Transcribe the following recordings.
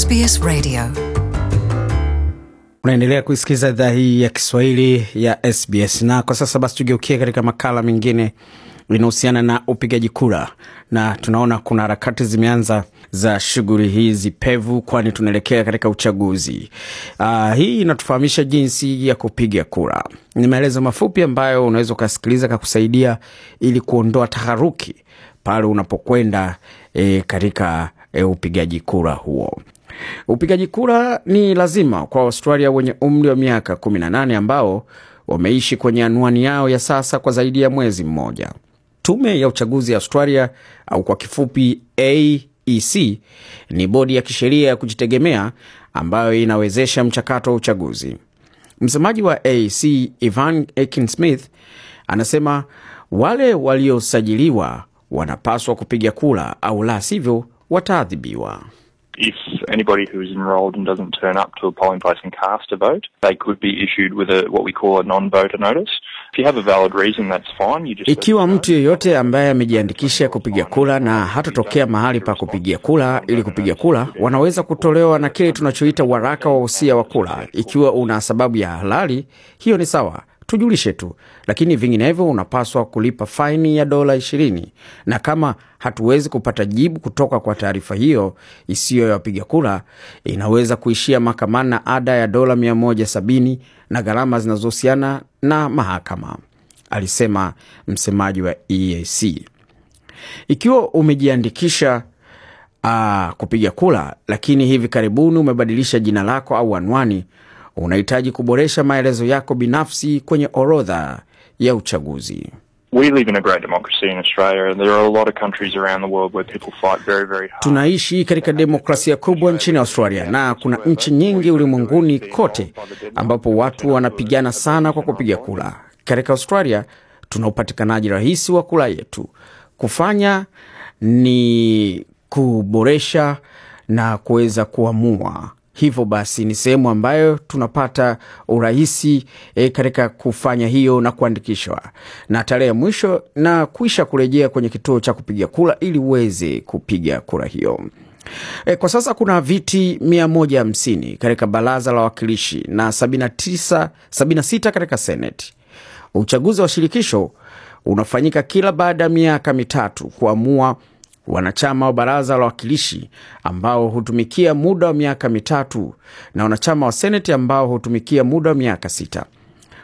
SBS Radio. Unaendelea kuisikiza idhaa hii ya Kiswahili ya SBS, na kwa sasa basi tugeukie katika makala mengine inahusiana na upigaji kura, na tunaona kuna harakati zimeanza za shughuli hizi pevu, kwani tunaelekea katika uchaguzi. Uh, hii inatufahamisha jinsi ya kupiga kura. Ni maelezo mafupi ambayo unaweza ukasikiliza kakusaidia ili kuondoa taharuki pale unapokwenda e, katika e, upigaji kura huo. Upigaji kura ni lazima kwa Australia wenye umri wa miaka 18 ambao wameishi kwenye anwani yao ya sasa kwa zaidi ya mwezi mmoja. Tume ya uchaguzi ya Australia au kwa kifupi AEC ni bodi ya kisheria ya kujitegemea ambayo inawezesha mchakato wa uchaguzi. Msemaji wa AEC Ivan Akin Smith anasema wale waliosajiliwa wanapaswa kupiga kura au la sivyo wataadhibiwa if anybody who is enrolled and doesn't turn up to a polling place and cast a vote, they could be issued with a, what we call a non-voter notice. If you have a valid reason, that's fine. You just ikiwa mtu yeyote ambaye amejiandikisha kupiga kula na hatotokea mahali pa kupigia kula ili kupiga kula, wanaweza kutolewa na kile tunachoita waraka wa usia wa kula. Ikiwa una sababu ya halali, hiyo ni sawa tujulishe tu, lakini vinginevyo unapaswa kulipa faini ya dola ishirini, na kama hatuwezi kupata jibu kutoka kwa taarifa hiyo isiyo ya wapiga kura, inaweza kuishia mahakamani na ada ya dola 170 na gharama zinazohusiana na mahakama, alisema msemaji wa EAC. Ikiwa umejiandikisha uh, kupiga kura lakini hivi karibuni umebadilisha jina lako au anwani unahitaji kuboresha maelezo yako binafsi kwenye orodha ya uchaguzi. Tunaishi katika demokrasia kubwa nchini Australia na kuna nchi nyingi ulimwenguni kote ambapo watu wanapigana sana kwa kupiga kura. Katika Australia tuna upatikanaji rahisi wa kura yetu. Kufanya ni kuboresha na kuweza kuamua Hivyo basi ni sehemu ambayo tunapata urahisi e, katika kufanya hiyo na kuandikishwa na tarehe mwisho na kuisha kurejea kwenye kituo cha kupiga kura ili uweze kupiga kura hiyo. E, kwa sasa kuna viti 150 katika baraza la wawakilishi na 76 katika seneti. Uchaguzi wa shirikisho unafanyika kila baada ya miaka mitatu kuamua wanachama wa baraza la wawakilishi ambao hutumikia muda wa miaka mitatu na wanachama wa seneti ambao hutumikia muda wa miaka sita.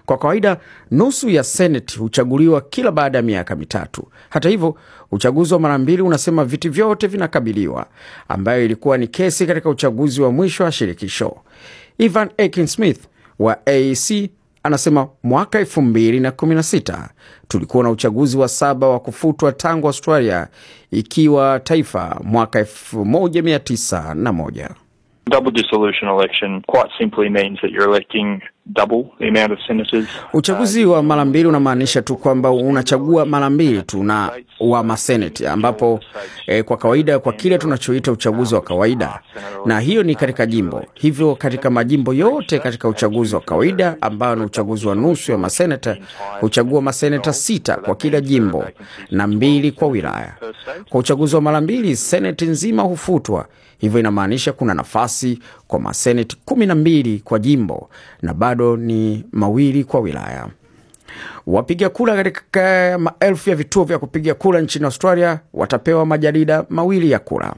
Kwa kawaida nusu ya seneti huchaguliwa kila baada ya miaka mitatu. Hata hivyo, uchaguzi wa mara mbili unasema viti vyote vinakabiliwa, ambayo ilikuwa ni kesi katika uchaguzi wa mwisho wa shirikisho. Evan Akin Smith wa AEC anasema mwaka 216 tulikuwa na uchaguzi wa saba wa kufutwa tangu Australia ikiwa taifa mwaka 191 double dissolution election quite simply means that you're electing double the amount of senators. Uchaguzi wa mara mbili unamaanisha tu kwamba unachagua mara mbili tu na wa maseneti, ambapo eh, kwa kawaida kwa kile tunachoita uchaguzi wa kawaida, na hiyo ni katika jimbo. Hivyo katika majimbo yote katika uchaguzi wa kawaida ambao ni uchaguzi wa nusu ya maseneta, huchagua maseneta sita kwa kila jimbo na mbili kwa wilaya. Kwa uchaguzi wa mara mbili, seneti nzima hufutwa, hivyo inamaanisha kuna nafasi kwa maseneti kumi na mbili kwa jimbo na bado ni mawili kwa wilaya. Wapiga kura katika eh, maelfu ya vituo vya kupiga kura nchini Australia watapewa majarida mawili ya kura.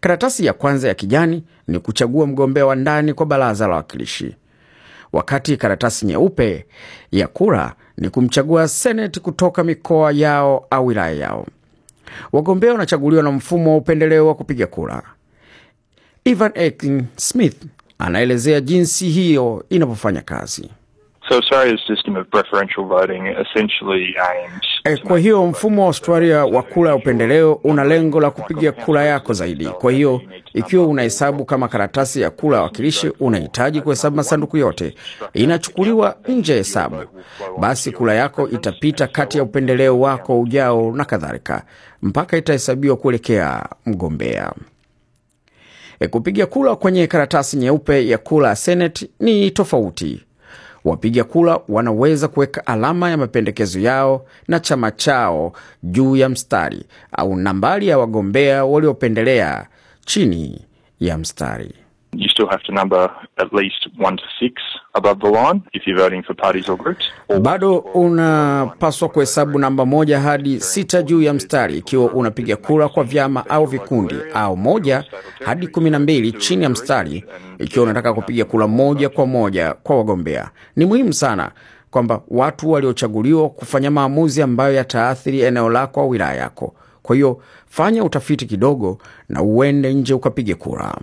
Karatasi ya kwanza ya kijani ni kuchagua mgombea wa ndani kwa baraza la wakilishi wakati karatasi nyeupe ya kura ni kumchagua seneti kutoka mikoa yao au wilaya yao. Wagombea wanachaguliwa na mfumo wa upendeleo wa kupiga kura. Evan ekin Smith anaelezea jinsi hiyo inavyofanya kazi. So Australia's system of preferential voting essentially aims e, kwa hiyo mfumo wa Australia wa kura ya upendeleo una lengo la kupiga kura yako zaidi. Kwa hiyo ikiwa unahesabu kama karatasi ya kura ya wakilishi, unahitaji kuhesabu masanduku yote, inachukuliwa nje ya hesabu, basi kura yako itapita kati ya upendeleo wako ujao na kadhalika, mpaka itahesabiwa kuelekea mgombea. E, kupiga kura kwenye karatasi nyeupe ya kura ya Senate ni tofauti. Wapiga kura wanaweza kuweka alama ya mapendekezo yao na chama chao juu ya mstari au nambari ya wagombea waliopendelea chini ya mstari you still have to number at least one to six above the line if you're voting for parties or groups. Bado unapaswa kuhesabu namba moja hadi sita juu ya mstari ikiwa unapiga kura kwa vyama au vikundi, au moja hadi kumi na mbili chini ya mstari ikiwa unataka kupiga kura moja kwa moja kwa wagombea. Ni muhimu sana kwamba watu waliochaguliwa kufanya maamuzi ambayo yataathiri eneo lako au wilaya yako. Kwa hiyo fanya utafiti kidogo na uende nje ukapige kura.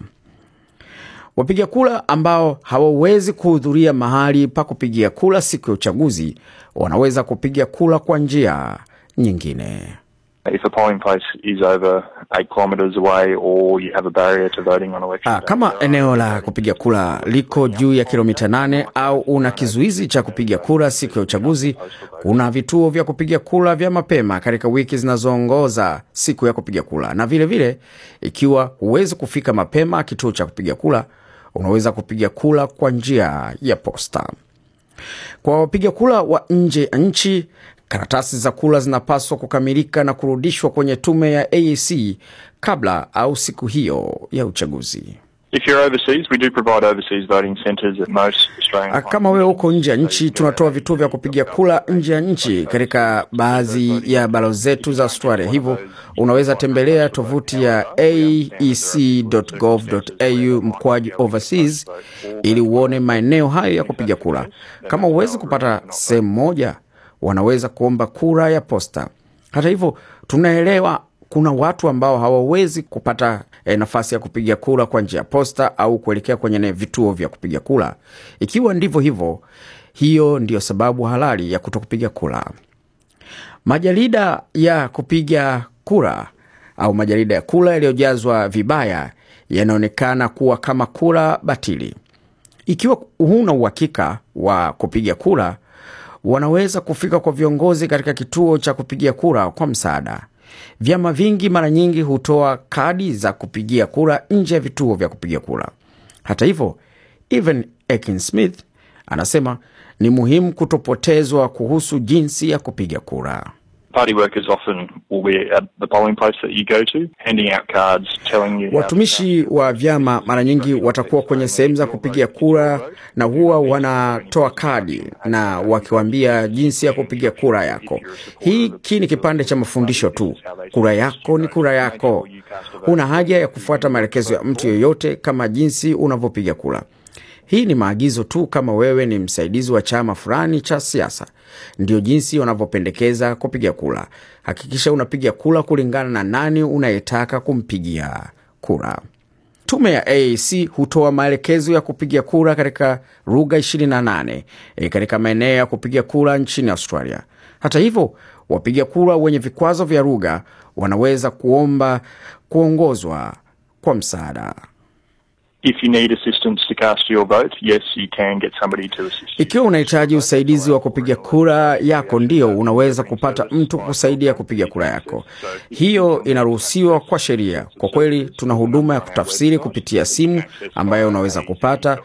Wapiga kura ambao hawawezi kuhudhuria mahali pa kupigia kura siku ya uchaguzi wanaweza kupiga kura kwa njia nyingine. Kama eneo la kupiga kura liko juu ya kilomita nane au una kizuizi cha kupiga kura siku ya uchaguzi, kuna vituo vya kupiga kura vya mapema katika wiki zinazoongoza siku ya kupiga kura, na vilevile vile, ikiwa huwezi kufika mapema kituo cha kupiga kura unaweza kupiga kula kwa njia ya posta. Kwa wapiga kula wa nje ya nchi, karatasi za kula zinapaswa kukamilika na kurudishwa kwenye tume ya aac kabla au siku hiyo ya uchaguzi. Ah, kama wewe uko nje ya nchi, tunatoa vituo vya kupiga kula nje ya nchi katika baadhi ya balo zetu za Australia. Hivyo unaweza tembelea tovuti ya aec.gov.au mkwaji overseas ili uone maeneo hayo ya kupiga kula. Kama huwezi kupata sehemu moja, wanaweza kuomba kura ya posta. Hata hivyo, tunaelewa kuna watu ambao hawawezi kupata e, nafasi ya kupiga kura kwa njia ya posta au kuelekea kwenye vituo vya kupiga kura. Ikiwa ndivyo hivyo, hiyo ndiyo sababu halali ya kuto kupiga kura. Majarida ya kupiga kura au majarida ya kura yaliyojazwa vibaya yanaonekana kuwa kama kura batili. Ikiwa huna uhakika wa kupiga kura, wanaweza kufika kwa viongozi katika kituo cha kupiga kura kwa msaada. Vyama vingi mara nyingi hutoa kadi za kupigia kura nje ya vituo vya kupiga kura. Hata hivyo, Evan ekin Smith anasema ni muhimu kutopotezwa kuhusu jinsi ya kupiga kura. Watumishi wa vyama mara nyingi watakuwa kwenye sehemu za kupigia kura na huwa wanatoa kadi na wakiwambia jinsi ya kupiga kura yako. Hiki ni kipande cha mafundisho tu. Kura yako ni kura yako. Huna haja ya kufuata maelekezo ya mtu yeyote kama jinsi unavyopiga kura. Hii ni maagizo tu, kama wewe ni msaidizi wa chama fulani cha siasa. Ndio jinsi wanavyopendekeza kupiga kura. Hakikisha unapiga kura kulingana na nani unayetaka kumpigia kura. Tume ya AAC hutoa maelekezo ya kupiga kura katika lugha 28 e, eh, katika maeneo ya kupiga kura nchini Australia. Hata hivyo, wapiga kura wenye vikwazo vya lugha wanaweza kuomba kuongozwa kwa msaada. If you need assistance to cast your vote, yes, you can get somebody to assist you. Ikiwa unahitaji usaidizi wa kupiga kura yako, ndio unaweza kupata mtu kusaidia kupiga kura yako. Hiyo inaruhusiwa kwa sheria. Kwa kweli, tuna huduma ya kutafsiri kupitia simu ambayo unaweza kupata.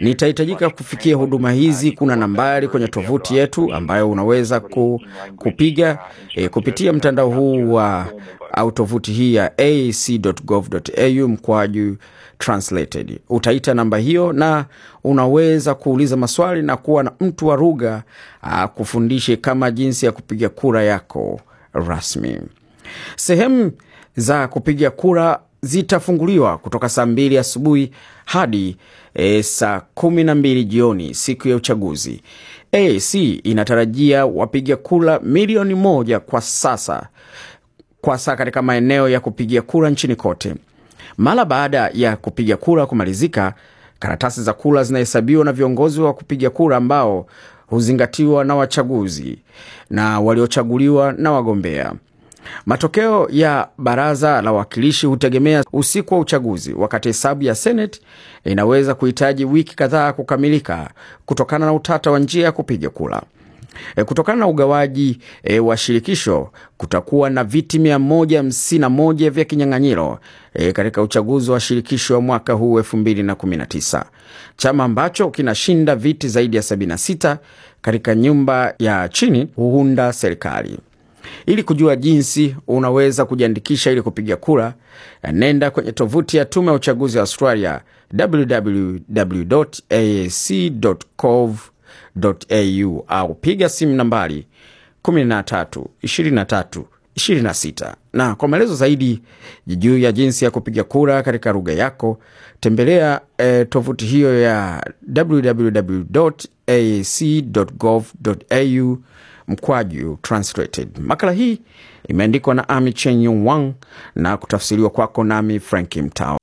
Nitahitajika kufikia huduma hizi. Kuna nambari kwenye tovuti yetu ambayo unaweza ku, kupiga e, kupitia mtandao huu wa au tovuti hii ya aec.gov.au mkwaju translated. Utaita namba hiyo na unaweza kuuliza maswali na kuwa na mtu wa rugha ah, akufundishe kama jinsi ya kupiga kura yako rasmi. Sehemu za kupiga kura zitafunguliwa kutoka saa mbili asubuhi hadi e, saa kumi na mbili jioni siku ya uchaguzi. AAC inatarajia wapiga kura milioni moja kwa sasa kwa saa katika maeneo ya kupigia kura nchini kote. Mara baada ya kupiga kura kumalizika, karatasi za kura zinahesabiwa na viongozi wa kupiga kura ambao huzingatiwa na wachaguzi na waliochaguliwa na wagombea. Matokeo ya baraza la wawakilishi hutegemea usiku wa uchaguzi, wakati hesabu ya seneti inaweza kuhitaji wiki kadhaa kukamilika kutokana na utata wa njia ya kupiga kura. E, kutokana na ugawaji e, wa shirikisho kutakuwa na viti 151 vya kinyang'anyiro e, katika uchaguzi wa shirikisho wa mwaka huu 2019. Chama ambacho kinashinda viti zaidi ya 76 katika nyumba ya chini huunda serikali. Ili kujua jinsi unaweza kujiandikisha ili kupiga kura, e, nenda kwenye tovuti ya tume ya uchaguzi wa Australia www.ac.gov au au piga simu nambari 132326 Na kwa maelezo zaidi juu ya jinsi ya kupiga kura katika lugha yako tembelea e, tovuti hiyo ya www.ac.gov.au mkwaju translated. Makala hii imeandikwa na Ami Chenyu Wang na kutafsiriwa kwako nami Franki Mtao.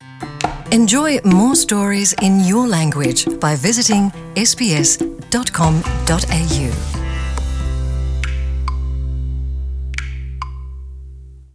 Enjoy more stories in your language by visiting sbs.com.au.